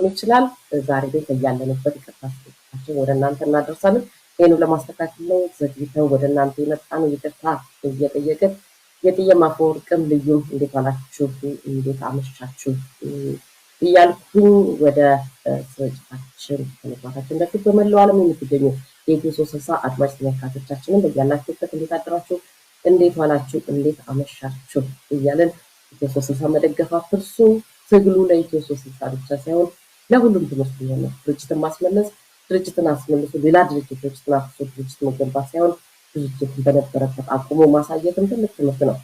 ሊሆን ይችላል። ዛሬ ቤት እያለንበት የቀጥታ ስርጭታችን ወደ እናንተ እናደርሳለን። ይህኑ ለማስተካከል ነው ዘግይተው ወደ እናንተ የመጣ ነው። ይቅርታ እየጠየቅን የጥየማ አፈወርቅም ልዩም እንዴት ዋላችሁ፣ እንዴት አመሻችሁ እያልኩኝ ወደ ስርጭታችን ከመግባታችን በፊት በመላው ዓለም የምትገኙ የኢትዮ ሶስት ስልሳ አድማጭ ተመልካቾቻችንን በያላችሁበት እንዴት አደራችሁ፣ እንዴት ዋላችሁ፣ እንዴት አመሻችሁ እያለን ኢትዮ ሶስት ስልሳ መደገፍ አትርሱ። ትግሉ ለኢትዮ ሶስት ስልሳ ብቻ ሳይሆን ለሁሉም ትምህርት የሆነ ድርጅትን ማስመለስ ድርጅትን አስመልሶ ሌላ ድርጅት ድርጅትን አፍሶ ድርጅት መገንባት ሳይሆን ድርጅትን በነበረበት አቁሞ ማሳየትም ትልቅ ትምህርት ነው።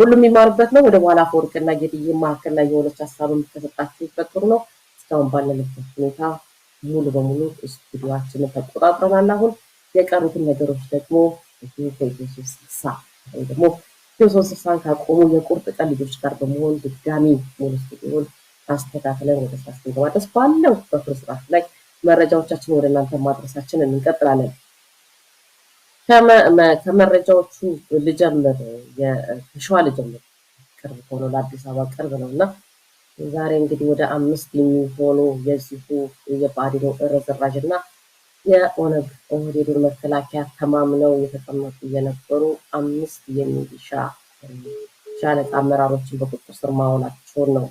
ሁሉም የሚማሩበት ነው። ወደ በኋላ አፈወርቅና ጌጥዬ መካከል ላይ የሆነች ሀሳብ የምትሰጣችሁበት ጥሩ ነው። እስካሁን ባለንበት ሁኔታ ሙሉ በሙሉ ስቱዲዮችንን ተቆጣጥረናል። አሁን የቀሩትን ነገሮች ደግሞ ከኢትዮ ስልሳ ወይ ደግሞ ኢትዮ ስልሳን ካቆሙ የቁርጥ ቀን ልጆች ጋር በመሆን ድጋሚ ሙሉ ስቱዲዮን አስተካክለን ወደ ስራ ማድረስ ባለው ላይ መረጃዎቻችን ወደ እናንተ ማድረሳችን እንቀጥላለን። ከመረጃዎቹ ልጀምር፣ ከሸዋ ልጀምር። ቅርብ ከሆነ ለአዲስ አበባ ቅርብ ነው እና ዛሬ እንግዲህ ወደ አምስት የሚሆኑ የዚሁ የብአዴን ርዝራዥ እና የኦነግ ኦህዴዱን መከላከያ ተማምነው የተቀመጡ የነበሩ አምስት የሚሊሻ ሻለቃ አመራሮችን በቁጥጥር ስር ማዋላቸውን ነው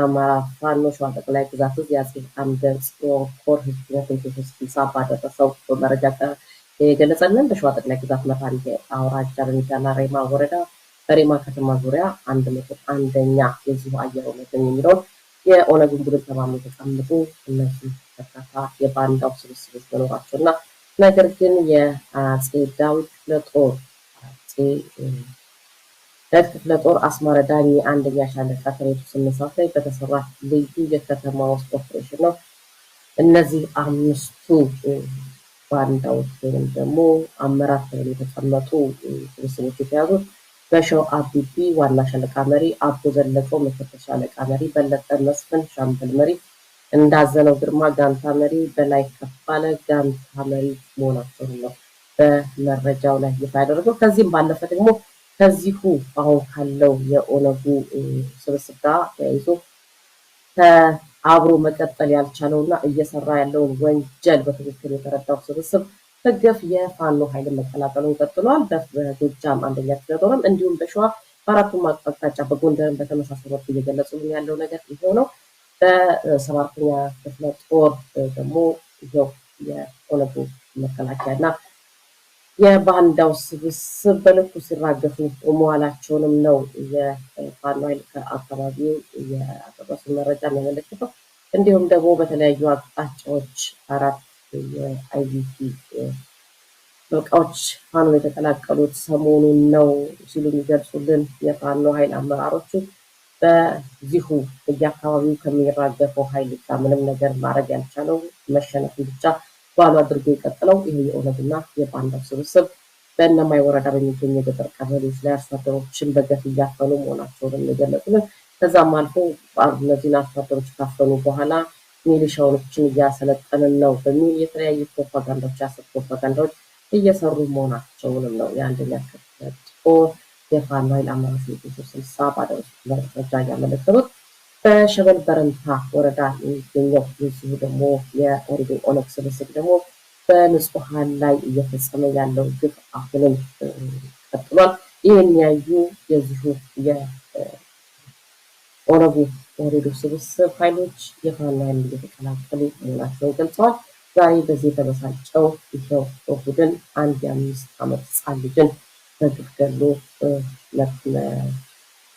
አማራ ፋኖ ሸዋ ጠቅላይ ግዛት እዝ የአፄ አምደ ኮር ህዝብ ትንቴቶች ባደረሰው መረጃ የገለጸልን በሸዋ ጠቅላይ ግዛት መታንዴ አውራጃ በሚዳና ሬማ ወረዳ በሬማ ከተማ ዙሪያ አንድ መቶ አንደኛ የዚሁ አየር እውነትን የሚለውን የኦነግን ቡድን ተማምኖ ተቀምጡ እነዚህ በርካታ የባንዳው ስብስቦች መኖራቸው እና ነገር ግን ዳዊት ለጦር ሁለት ክፍለ ጦር ዳኒ አንደኛ ሻለቃ ከሬቱ ስንሳት ላይ በተሰራ ልዩ የከተማ ውስጥ ኦፕሬሽን ነው። እነዚህ አምስቱ ባንዳዎች ወይም ደግሞ አመራር ተብሎ የተቀመጡ ስብስቦች የተያዙት በሸው አቢቢ ዋና ሻለቃ መሪ፣ አቦ ዘለቀው ምክትል ሻለቃ መሪ፣ በለጠ መስፍን ሻምበል መሪ፣ እንዳዘነው ግርማ ጋንታ መሪ፣ በላይ ከፋለ ጋንታ መሪ መሆናቸውን ነው በመረጃው ላይ ይፋ ያደረገው። ከዚህም ባለፈ ደግሞ ከዚሁ አሁን ካለው የኦነጉ ስብስብ ጋር ተያይዞ አብሮ መቀጠል ያልቻለው እና እየሰራ ያለውን ወንጀል በትክክል የተረዳው ስብስብ ህገፍ የፋኖ ኃይልን መቀላቀሉን ቀጥሏል። በጎጃም አንደኛ ክፍለ ጦርም እንዲሁም በሸዋ በአራቱም አቅጣጫ በጎንደርም በተመሳሳይ ወቅት እየገለጹልን ያለው ነገር ይሄው ነው። በሰባተኛ ክፍለ ጦር ደግሞ ይኸው የኦነጉ መከላከያ እና የባንዳው ስብስብ በልኩ ሲራገፉ መዋላቸውንም ነው የፋኖ ኃይል ከአካባቢው የአቀረሱ መረጃ የሚያመለክተው። እንዲሁም ደግሞ በተለያዩ አቅጣጫዎች አራት የአይዲፒ በቃዎች ፋኖ የተቀላቀሉት ሰሞኑን ነው ሲሉ የሚገልጹልን የፋኖ ኃይል አመራሮቹ በዚሁ በየአካባቢው ከሚራገፈው ኃይል ጋር ምንም ነገር ማድረግ ያልቻለው መሸነፍን ብቻ ባሉ አድርጎ የቀጠለው ይህ የኦነግና የባንዳው ስብስብ በእነማይ ወረዳ በሚገኙ የገጠር ቀበሌዎች ላይ አርሶ አደሮችን በገፍ እያፈኑ መሆናቸውን የገለጹልን። ከዛም አልፎ እነዚህን አርሶ አደሮች ካፈኑ በኋላ ሚሊሻዎችን እያሰለጠንን ነው በሚል የተለያዩ ፕሮፓጋንዳዎች፣ የአሰብ ፕሮፓጋንዳዎች እየሰሩ መሆናቸውንም ነው የአንደኛ ክፍለ ጦር የፋኖ ኃይል አመራሮች ስብሰባ ባደረሱት መረጃ እያመለከቱት በሸበል በረንታ ወረዳ የሚገኘው የዚሁ ደግሞ የኦሪዶ ኦነግ ስብስብ ደግሞ በንጹሀን ላይ እየፈጸመ ያለው ግፍ አሁንም ቀጥሏል። ይህን ያዩ የዚሁ የኦነጉ ኦሪዶ ስብስብ ኃይሎች የፋኖ እየተቀላቀሉ መሆናቸውን ገልጸዋል። ዛሬ በዚህ የተበሳጨው ይኸው ቡድን አንድ የአምስት ዓመት ህፃን ልጅን በግፍ ገሎ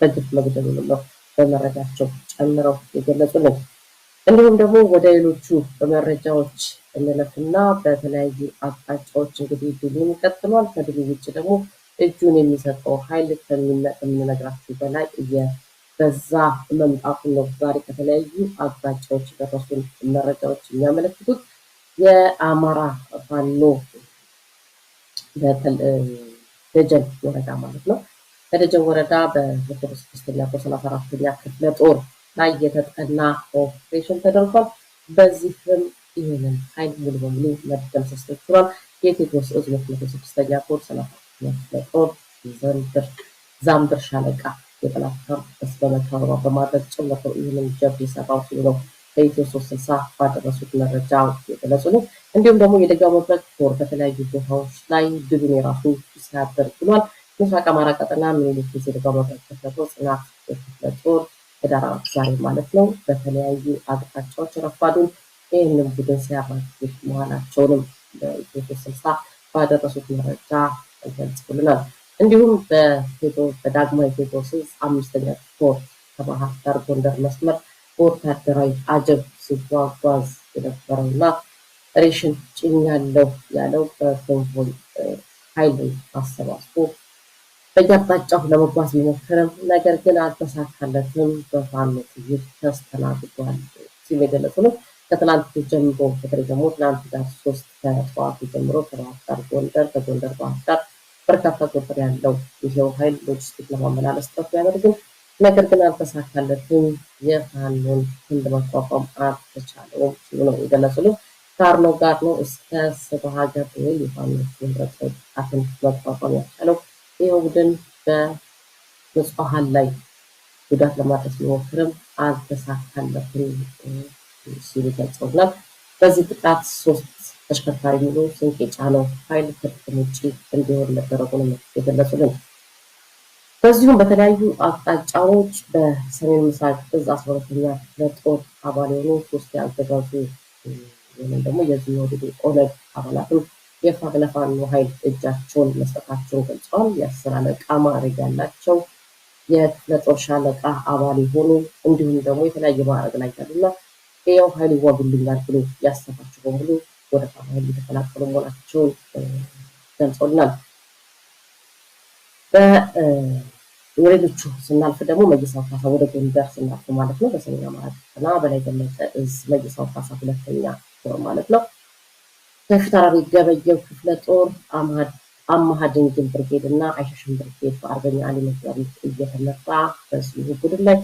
በግፍ መግደሉ ነው በመረጃቸው ጨምረው የገለጹልን። እንዲሁም ደግሞ ወደ ሌሎቹ መረጃዎች እንለፍና በተለያዩ አቅጣጫዎች እንግዲህ ድሉን ይቀጥሏል። ከድሉ ውጭ ደግሞ እጁን የሚሰጠው ኃይል ከምንነግራችሁ በላይ እየበዛ መምጣቱ ነው ዛሬ ከተለያዩ አቅጣጫዎች የደረሱን መረጃዎች የሚያመለክቱት። የአማራ ፋኖ ደጀን ወረዳ ማለት ነው በደጀ ወረዳ በ06 234ኛ ክፍለ ጦር ላይ የተጠና ኦፕሬሽን ተደርጓል። በዚህም ይህንን ኃይል ሙሉ በሙሉ መደምሰስ ተችሏል። የቴዎድሮስ ዕዝ 206 ስድስተኛ ኮር 34ኛ ክፍለ ጦር ዛምብር ሻለቃ የጠላት ካምፕስ በመካበባ በማድረግ ጭምር ይህንን ጀብድ የሰራው ሲሉ ነው በኢትዮ ሶስት ስልሳ ባደረሱት መረጃ የገለጹ ነው። እንዲሁም ደግሞ የደጋ መብረቅ ኮር በተለያዩ ቦታዎች ላይ ድብን የራሱ ሲያደርግ ብሏል። ምስራቅ አማራ ቀጠና ምኒልክ ጊዜ ልጓማታት ክፍለ ጦር ጽናት ክፍለ ጦር ህዳር ዛሬ ማለት ነው በተለያዩ አቅጣጫዎች ረፋዱን ይህንም ቡድን ሲያራግፍ መሆናቸውንም በኢትዮ ስልሳ ባደረሱት መረጃ ገልጽልናል። እንዲሁም በዳግማዊ ቴዎድሮስ አምስተኛ ኮር ከባህር ዳር ጎንደር መስመር በወታደራዊ አጀብ ሲጓጓዝ የነበረው የነበረውና ሬሽን ጭኛለሁ ያለው በኮንቮይ ኃይል አሰባስቦ በየአቅጣጫው ለመጓዝ መሞከረም ነገር ግን አልተሳካለትም በፋኖ ጥይት ተስተናግዷል ሲል የገለጹ ነው። ከትላንት ጀምሮ በተለይ ደግሞ ትላንት ጋር ሶስት ከጠዋቱ ጀምሮ ከባህርዳር ጎንደር፣ ከጎንደር ባህርዳር በርካታ ቁጥር ያለው ይሄው ኃይል ሎጂስቲክ ለማመላለስ ጥረት ቢያደርግም ነገር ግን አልተሳካለትም የፋኖን ክንድ መቋቋም አልተቻለውም ሲሉ ነው የገለጹ ነው። ካርሎ ጋር ነው እስከ ስብሀ ወይ የፋኖ ህብረት አትን መቋቋም ያቻለው ይኸው ቡድን በንጹሐን ላይ ጉዳት ለማድረስ ቢሞክርም አልተሳካለትም ሲሉ ገልጸውናል። በዚህ ጥቃት ሶስት ተሽከርካሪ ሙሉ ስንቅ የጫነው ኃይል ከጥቅም ውጭ እንዲሆን መደረጉን የገለጹልን። በዚሁም በተለያዩ አቅጣጫዎች በሰሜን ምስራቅ እዝ አስራ ሁለተኛ ለጦር አባል የሆኑ ሶስት የአገዛዙ ወይም ደግሞ የዚህ ወደ ኦነግ አባላትም የፋ ለፋኖ ኃይል እጃቸውን መስጠታቸውን ገልጸዋል። የአስር አለቃ ማዕረግ ያላቸው የክፍለ ጦር ሻለቃ አባል የሆኑ እንዲሁም ደግሞ የተለያየ ማዕረግ ላይ ያሉና ያው ኃይል ይዋጉልኛል ብሎ ያሰባቸው በሙሉ ወደ ፋኖ ኃይል የተፈናቀሉ መሆናቸውን ገልጾልናል። ወደሌሎቹ ስናልፍ ደግሞ መይሳው ካሳ ወደ ጎንደር ስናልፍ ማለት ነው በሰሜን አማራ ቀጠና በላይ ዘለቀ እዝ መይሳው ካሳ ሁለተኛ ጦር ማለት ነው ከፊታውራሪ ገበየው ክፍለ ጦር አማሃ ድንግል ብርጌድ እና አይሸሽም ብርጌድ በአርበኛ አሊ መጋቢት እየተመራ በዚህ ቡድን ላይ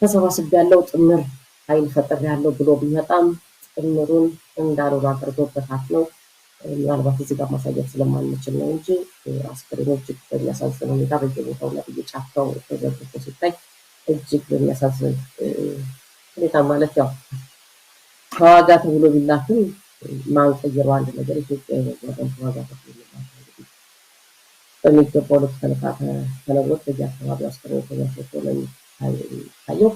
ተሰባስብ ያለው ጥምር ኃይል ፈጥር ያለው ብሎ ቢመጣም ጥምሩን እንዳልሆነ አድርጎበታት ነው። ምናልባት እዚህ ጋር ማሳየት ስለማንችል ነው እንጂ አስክሬኖች እጅግ በሚያሳዝን ሁኔታ በየቦታው ላይ እየጫፍተው ተዘርግቶ ሲታይ እጅግ በሚያሳዝን ሁኔታ ማለት ያው ከዋጋ ተብሎ ቢላክም የማንቀይረው አንድ ነገር ኢትዮጵያ የሚያደረጉ ዋጋ በሚገባው ልክ ተለካ ተነግሮት በየአካባቢው አካባቢ ተመስርቶ ነው የሚታየው።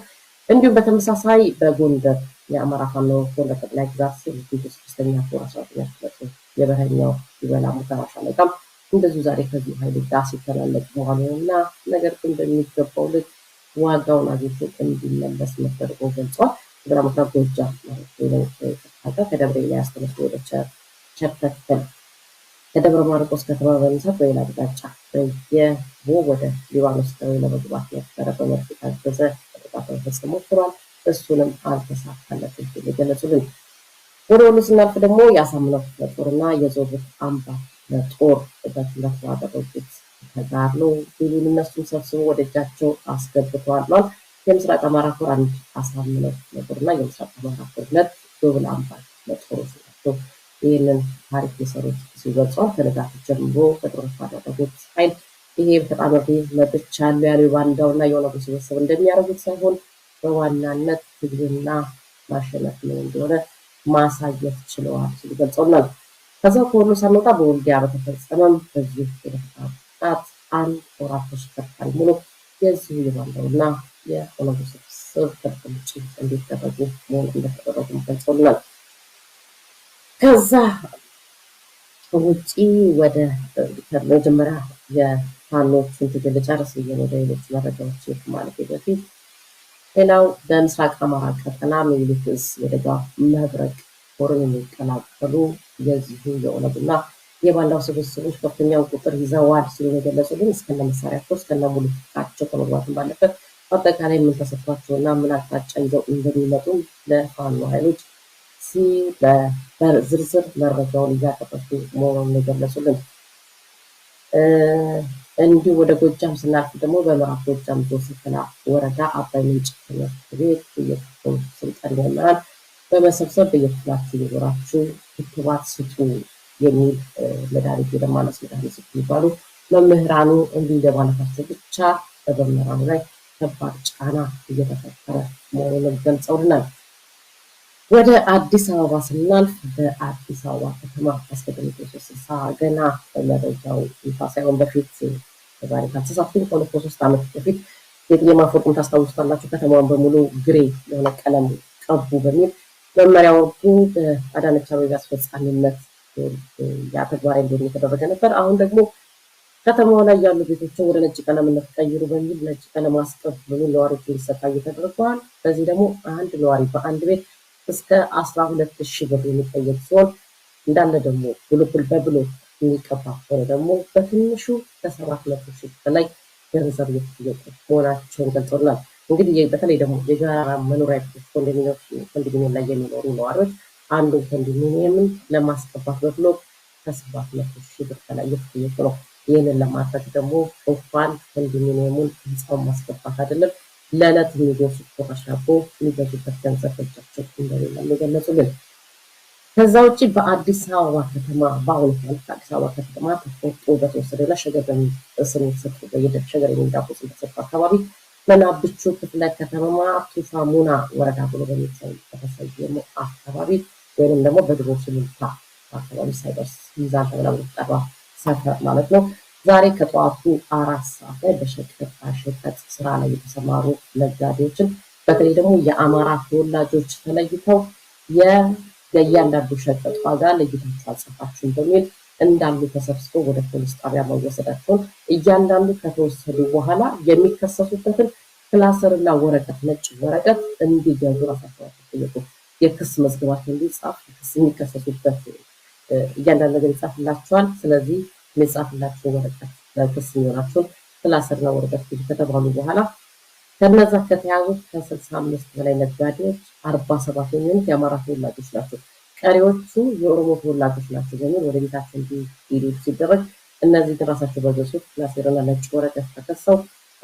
እንዲሁም በተመሳሳይ በጎንደር የአማራ ፋኖ ጎንደር ጠቅላይ ግዛት ስር ስድስተኛ ፎር አስራ ሁለተኛ ክፍለ የበረኛው ይበላ ሙከራ ለቃም እንደዚሁ ዛሬ ከዚሁ ሀይል ጋር ሲተላለቅ በኋላ እና ነገር ግን በሚገባው ልክ ዋጋውን አግኝቶ እንዲመለስ መደረጉ ገልጿል። ድራማታ ጎጃም ማለት ነው። ከደብረ ኤልያስ ተነስቶ ወደ ቸርተት ከደብረ ማርቆስ ከተማ በመነሳት በሌላ አቅጣጫ በየቦ ወደ ሊባኖስ ተወይ ለመግባት ነበረ በመርፍ የታገዘ ጥቃት መፈጸም ሞክሯል። እሱንም አልተሳካለትም የገለጹልን። ወደ ወሎ ስናልፍ ደግሞ የአሳምነው ክፍለ ጦርና የዞቡት አምባ ለጦር በትነት ባደረጉት ተጋድሎ ድሉን እነሱም ሰብስቦ ወደ እጃቸው አስገብተዋል። የምስራቅ አማራ ኮር አንድ አሳምነው ነበር እና የምስራቅ አማራ ኮር ሁለት ዶብል አምባል መጥሮ ናቸው። ይህንን ታሪክ የሰሩት ሲገልጿል። ከንጋት ጀምሮ ከጦርነት ባደረጉት ኃይል ይሄ ተጣመርኩ መጥቻለሁ ያሉ እና የኦነጉ ስብስብ እንደሚያደርጉት ሳይሆን በዋናነት ትግልና ማሸነፍ ነው እንደሆነ ማሳየት ችለዋል ሲሉ ገልጸውናል። ከዛ ከሆኑ ሳንወጣ በወልዲያ በተፈጸመም በዚህ የተፈታ ጥቃት አንድ ወራት ተሽከርካሪ ሙሉ የዚሁ የባንዳው እና የኦሎምፒክ ስብስብ ውጭ እንዲደረጉ መሆን እንደተደረጉ ገልጸውልናል። ከዛ ውጪ ወደ መጀመሪያ የፋኖቹን ትግል ጨርስ ወደ ሌሎች መረጃዎች ማለት በፊት ሌላው በምስራቅ አማራ ቀጠና ምኒልክ ዕዝ ወደ መብረቅ ጦርን የሚቀላቀሉ የዚሁ የኦነግና የባላው ስብስቦች ከፍተኛውን ቁጥር ይዘዋል ሲሉ የገለጹልን እስከነ መሳሪያቸው እስከነ ሙሉ ትጥቃቸው ከመግባትን ባለበት አጠቃላይ ምን እና ምን አቅጣጫ ይዘው እንደሚመጡም ለፋኖ ኃይሎች በዝርዝር መረጃውን እያቀረቡ መሆኑን የገለጹልን። እንዲሁ ወደ ጎጃም ስናልፍ ደግሞ በምዕራብ ጎጃም ዞን ወረዳ አባይ ምንጭ ትምህርት ቤት በየክፍሉ ስልጠና መምህራን በመሰብሰብ በየክፍላችሁ የኖራችሁ ክትባት ስጡ የሚል መድኃኒት የደማነስ መድኃኒት ስጡ የሚባሉ መምህራኑ እንዲህ እንደማለታቸው ብቻ በመምህራኑ ላይ ከባድ ጫና እየተፈጠረ መሆኑንም ገልጸውልናል። ወደ አዲስ አበባ ስናልፍ በአዲስ አበባ ከተማ አስገድምቶ ስልሳ ገና መረጃው ይፋ ሳይሆን በፊት ዛሬ ካልተሳሳትኩኝ ከሁለት ከሶስት ዓመት በፊት የጥየማ ፎርቁን ታስታውሱታላችሁ። ከተማዋን በሙሉ ግሬ የሆነ ቀለም ቀቡ በሚል መመሪያ ወርዱ በአዳነች አቤቤ አስፈጻሚነት ያ ተግባራዊ እንዲሆን የተደረገ ነበር። አሁን ደግሞ ከተማው ላይ ያሉ ቤቶችን ወደ ነጭ ቀለም እንቀይሩ በሚል ነጭ ቀለም አስቀብ በሚል ነዋሪዎች እንዲሰጣ ተደርገዋል። በዚህ ደግሞ አንድ ነዋሪ በአንድ ቤት እስከ አስራ ሁለት ሺህ ብር የሚጠየቅ ሲሆን እንዳለ ደግሞ ብሎክል በብሎ የሚቀባ ሆነ ደግሞ በትንሹ ከሰባት መቶ ሺ በላይ ገንዘብ የተጠየቁ መሆናቸውን ገልጾናል። እንግዲህ በተለይ ደግሞ የጋራ መኖሪያ ቤቶች ኮንዶሚኒየም ላይ የሚኖሩ ነዋሪዎች አንዱ ኮንዶሚኒየምን ለማስቀባት በብሎክ ከሰባት መቶ ሺ ብር በላይ የተጠየቁ ነው። ይህንን ለማድረግ ደግሞ ኦፋን ኮንዶሚኒየሙን ህፃውን ማስገባት አይደለም ለዕለት የሚገሱ ቆሻሻ ቦ የሚገዙበት ገንዘብ በእጃቸው እንደሌለ የገለጹልን። ከዛ ውጭ በአዲስ አበባ ከተማ በአሁኑ ሰዓት አዲስ አበባ ከተማ ተቆርጦ በተወሰደና ሸገር በሚስም የተሰጡ ሸገር የሚዳቦስ በተሰጡ አካባቢ መናብቹ ክፍለ ከተማ ቱፋ ሙና ወረዳ ብሎ በሚተሰየሙ አካባቢ ወይም ደግሞ በድሮ ስሉልታ አካባቢ ሳይደርስ ይዛል ተብላ የምትጠራ ሰፈር ማለት ነው። ዛሬ ከጠዋቱ አራት ሰዓት ላይ በሸቀጣ ሸቀጥ ስራ ላይ የተሰማሩ ነጋዴዎችን በተለይ ደግሞ የአማራ ተወላጆች ተለይተው የእያንዳንዱ ሸቀጥ ዋጋ ለይታችሁ አልጻፋችሁም በሚል እንዳሉ ተሰብስበው ወደ ፖሊስ ጣቢያ መወሰዳቸውን እያንዳንዱ ከተወሰዱ በኋላ የሚከሰሱበትን ክላሰር ክላሰርና ወረቀት ነጭ ወረቀት እንዲገዙ ራሳቸው ጠየቁ። የክስ መዝገባቸው እንዲጻፍ የሚከሰሱበት እያንዳንድ ነገር ይጻፍላቸዋል። ስለዚህ የሚጻፍላችሁ ወረቀት ክስ የሚሆናችሁን ስላሰርና ወረቀት ብዙ ከተባሉ በኋላ ከነዛ ከተያዙት ከስልሳ አምስት በላይ ነጋዴዎች አርባ ሰባት የሚሆኑት የአማራ ተወላጆች ናቸው። ቀሪዎቹ የኦሮሞ ተወላጆች ናቸው በሚል ወደ ቤታቸው እንዲሄዱ ሲደረግ እነዚህ ራሳቸው በገሱት ላሴርና ነጭ ወረቀት ተከሰው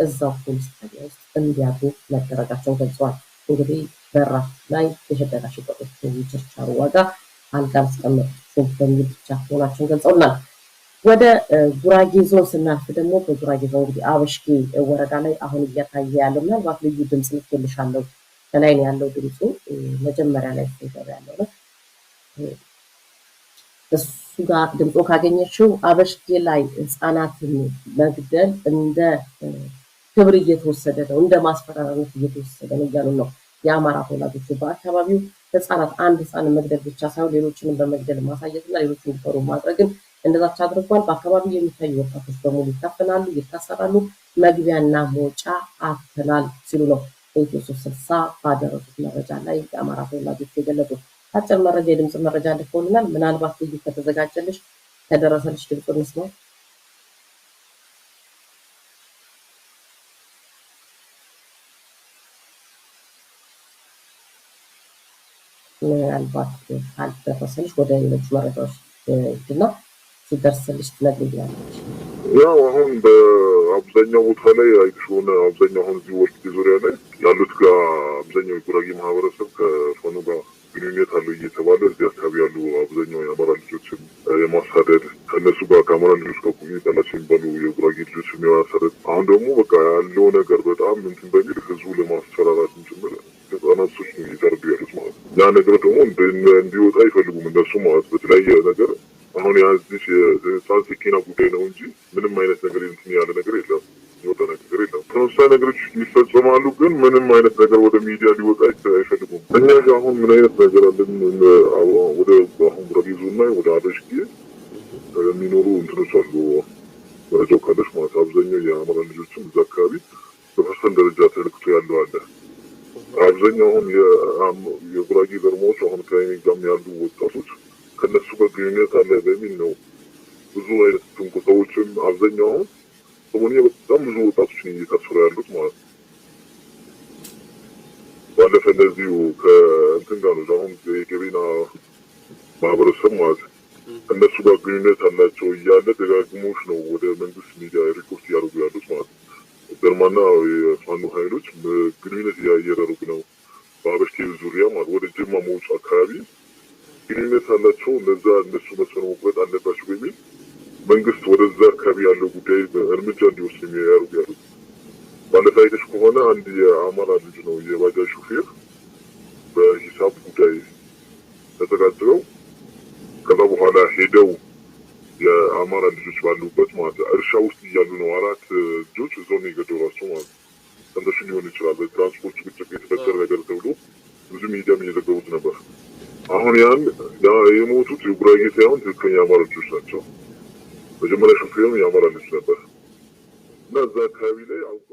እዛው ፖሊስ ጣቢያ ውስጥ እንዲያቱ መደረጋቸውን ገልጸዋል። እንግዲህ በራፍ ላይ የሽቀጣ ሽቀጦች ችርቻሩ ዋጋ አልጋ አስቀመጡችን በሚል ብቻ መሆናቸውን ገልጸውልናል። ወደ ጉራጌ ዞን ስናልፍ ደግሞ በጉራጌ ዞን እንግዲህ አበሽጌ ወረዳ ላይ አሁን እየታየ ያለ ምናልባት ልዩ ድምፅ ልክልሻለሁ ከላይ ነው ያለው ድምፁ መጀመሪያ ላይ ገብ ያለው ነው። እሱ ጋር ድምፆ ካገኘችው አበሽጌ ላይ ህፃናትን መግደል እንደ ክብር እየተወሰደ ነው፣ እንደ ማስፈራሪያነት እየተወሰደ ነው እያሉ ነው የአማራ ተወላጆቹ በአካባቢው ህጻናት አንድ ህጻን መግደል ብቻ ሳይሆን ሌሎችንም በመግደል ማሳየትና ሌሎች እንዲፈሩ ማድረግን እንደዛች አድርጓል። በአካባቢ የሚታዩ ወጣቶች በሙሉ ይታፈናሉ፣ ይታሰራሉ፣ መግቢያና መውጫ አፍተናል ሲሉ ነው በኢትዮ ሶስት ስልሳ ባደረሱት መረጃ ላይ የአማራ ተወላጆች የገለጹት። አጭር መረጃ የድምፅ መረጃ ልከውልናል። ምናልባት ልዩ ከተዘጋጀልሽ ከደረሰልሽ ድምፁ እንስማው። ምናልባት አልደረሰልሽ ወደ ሌሎች መረጃዎች ሂድና ሲደርስልሽ ትነግሪኛለሽ። ያው አሁን በአብዛኛው ቦታ ላይ ሆነ አብዛኛው አሁን እዚህ ወልቂጤ ዙሪያ ላይ ያሉት ጋር አብዛኛው የጉራጌ ማህበረሰብ ከፋኖ ጋር ግንኙነት አለው እየተባለ እዚህ አካባቢ ያሉ አብዛኛው የአማራ ልጆችን የማሳደድ ከእነሱ ጋር ከአማራ ልጆች ጋር ጉብኝት አላቸው የሚባሉ የጉራጌ ልጆች የማሳደድ አሁን ደግሞ በቃ ያለው ነገር በጣም እንትን በሚል ህዝቡ ለማ እንዲወጣ አይፈልጉም እነሱ ማለት በተለያየ ነገር አሁን ያዝሽ ሳን ሴኬና ጉዳይ ነው እንጂ ምንም አይነት ነገር እንትን ያለ ነገር የለም፣ የወጣ ነገር የለም። ተመሳሳይ ነገሮች ይፈጸማሉ፣ ግን ምንም አይነት ነገር ወደ ሚዲያ ሊወጣ አይፈልጉም። እኛ ጋር አሁን ምን አይነት ነገር አለን? ወደ አሁን ረቢዙ እና ወደ አደሽ ጊዜ የሚኖሩ እንትኖች አሉ። መረጃው ካለሽ ማለት አብዛኛው የአማራ ልጆችም እዛ አካባቢ በፐርሰንት ደረጃ ተልክቶ ያለው አለ አብዛኛው አሁን ጉራጌ ዘርሞች አሁን ከኔ ጋም ያሉ ወጣቶች ከነሱ ጋር ግንኙነት አለ በሚል ነው ብዙ አይነት ትንኮሳዎችን አብዛኛው አሁን ሰሞኑን በጣም ብዙ ወጣቶችን እየታሰሩ ያሉት ማለት ነው። ባለፈ እንደዚሁ ከእንትን ጋር ነው አሁን የገቤና ማህበረሰብ ማለት እነሱ ጋር ግንኙነት አላቸው እያለ ደጋግሞች ነው ወደ መንግስት ሚዲያ ሪፖርት እያደረጉ ያሉት ማለት ነው። ደርማና የፋኖ ኃይሎች ግንኙነት እያየረሩግ ነው በአበሽ ዙሪያ ማለት ወደ ጅማ መውጭ አካባቢ ግንኙነት አላቸው፣ እነዛ እነሱ መስመር መቁረጥ አለባቸው በሚል መንግስት ወደዛ አካባቢ ያለው ጉዳይ እርምጃ እንዲወስድ የሚያደርጉ ያሉት ባለፈ አይተሽ ከሆነ አንድ የአማራ ልጅ ነው የባጃጅ ሹፌር በሂሳብ ጉዳይ ተዘጋጅረው ከዛ በኋላ ሄደው የአማራ ልጆች ባሉበት ማለት እርሻ ውስጥ እያሉ ነው አራት ልጆች እዛው ነው የገደሏቸው ማለት ሰንተሽን ሊሆን ይችላል ትራንስፖርት የሞቱት ጉራጌ ሳይሆን ትክክለኛ አማራ ልጆች ናቸው። መጀመሪያ ሾፌሩም የአማራ ልጅ ነበር እና እዛ አካባቢ ላይ